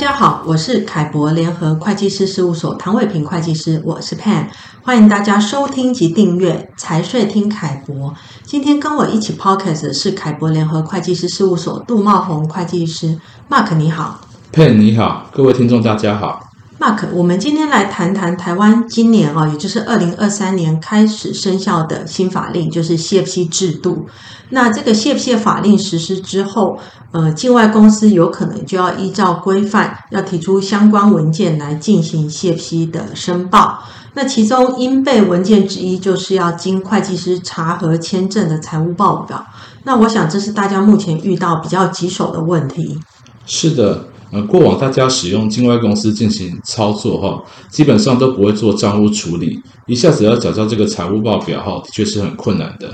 大家好，我是凱博聯合會計師事務所唐偉平會計師，我是 p e n 歡迎大家收聽及訂閱財稅聽凱博。今天跟我一起 p o c k e t 是凱博聯合會計師事務所杜茂宏會計師 Mark，你好 p e n 你好，各位聽眾大家好。Mark，我們今天來談談台灣今年啊，也就是二零二三年開始生效的新法令，就是 CFC 制度。那這個 CFC 法令實施之後，呃，境外公司有可能就要依照規範，要提出相關文件來進行 CFC 的申報。那其中應備文件之一，就是要經會計師查核簽證的財務報表。那我想，這是大家目前遇到比較棘手的問題。是的。呃，過往大家使用境外公司進行操作哈，基本上都不會做賬務處理，一下子要找到這個財務報表哈，的確是很困難的。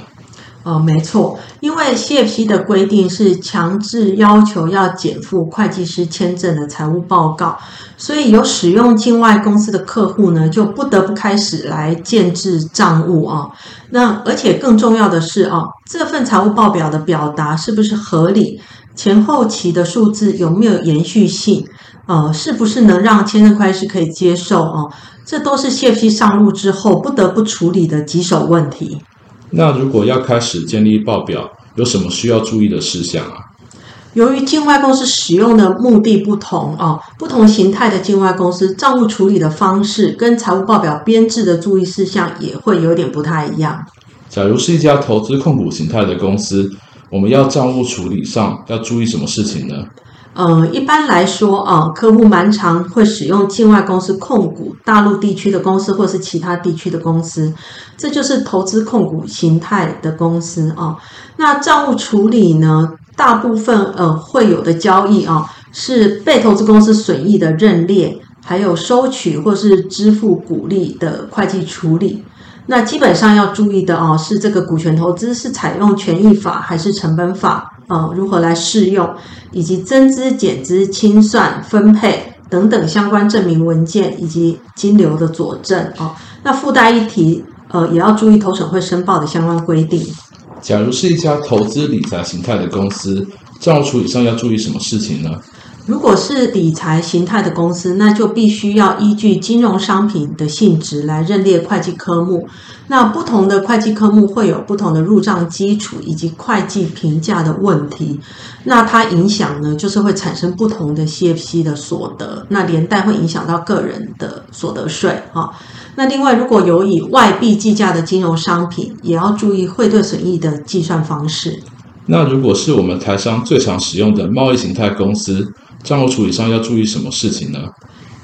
哦，沒錯，因為 CFC 的規定是強制要求要檢附會計師簽證的財務報告，所以有使用境外公司的客戶呢，就不得不開始來建置賬務啊。那而且更重要的是啊，這份財務報表的表達是不是合理？前後期的數字有沒有延續性？呃，是不是能讓簽證會計師可以接受？哦，這都是 CFC 上路之後不得不處理的棘手問題。那如果要開始建立報表，有什麼需要注意的事項啊？由於境外公司使用的目的不同，哦，不同形態的境外公司賬務處理的方式跟財務報表編製的注意事項也會有點不太一樣。假如是一家投資控股形態的公司。我們要賬務處理上要注意什麼事情呢？呃，一般來說啊，客戶蠻常會使用境外公司控股大陸地區的公司，或是其他地區的公司，這就是投資控股形態的公司啊。那賬務處理呢，大部分呃會有的交易啊，是被投資公司損益的認列，還有收取或是支付股利的會計處理。那基本上要注意的哦，是這個股權投資是採用權益法還是成本法啊？如何來適用，以及增資、減資、清算、分配等等相關證明文件以及金流的佐證啊？那附帶一提呃，也要注意投審會申報的相關規定。假如是一家投資理財形態的公司，賬務處理上要注意什麼事情呢？如果是理財形態的公司，那就必須要依據金融商品的性質來認列會計科目。那不同的會計科目會有不同的入賬基礎以及會計評價的問題。那它影響呢，就是會產生不同的 CFC 的所得，那連帶會影響到個人的所得稅。哈，那另外如果有以外幣計價的金融商品，也要注意匯兌損益的計算方式。那如果是我們台商最常使用的貿易形態公司。嗯帳務處理上要注意什麼事情呢？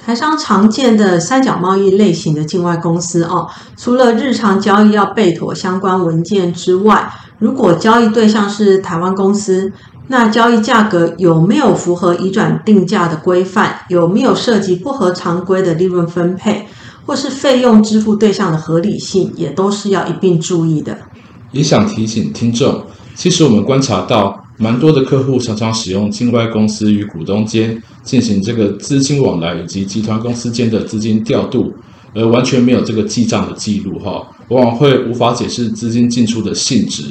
台商常見的三角貿易類型的境外公司哦，除了日常交易要備妥相關文件之外，如果交易對象是台灣公司，那交易價格有沒有符合移轉定價的規範，有沒有涉及不合常規的利潤分配，或是費用支付對象的合理性，也都是要一併注意的。也想提醒聽眾，其實我們觀察到。蠻多的客戶常常使用境外公司與股東間進行這個資金往來以及集團公司間的資金調度，而完全沒有這個記賬的記錄哈，往往會無法解釋資金進出的性質。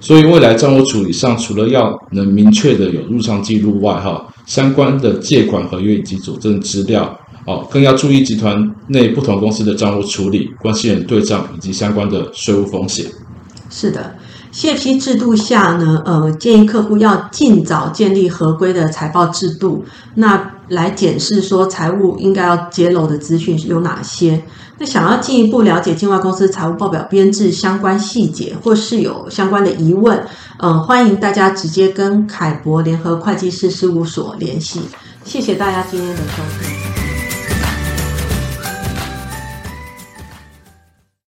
所以未來帳務處理上，除了要能明確的有入賬記錄外哈，相關的借款合約以及佐證資料哦，更要注意集團內不同公司的帳務處理、關係人對賬以及相關的稅務風險。是的。CFC 制度下呢，呃，建議客戶要盡早建立合規的財報制度，那來檢視說財務應該要揭露的資訊是有哪些。那想要進一步了解境外公司財務報表編制相關細節，或是有相關的疑問，嗯、呃，歡迎大家直接跟凱博聯合會計師事務所聯繫。謝謝大家今天的收聽。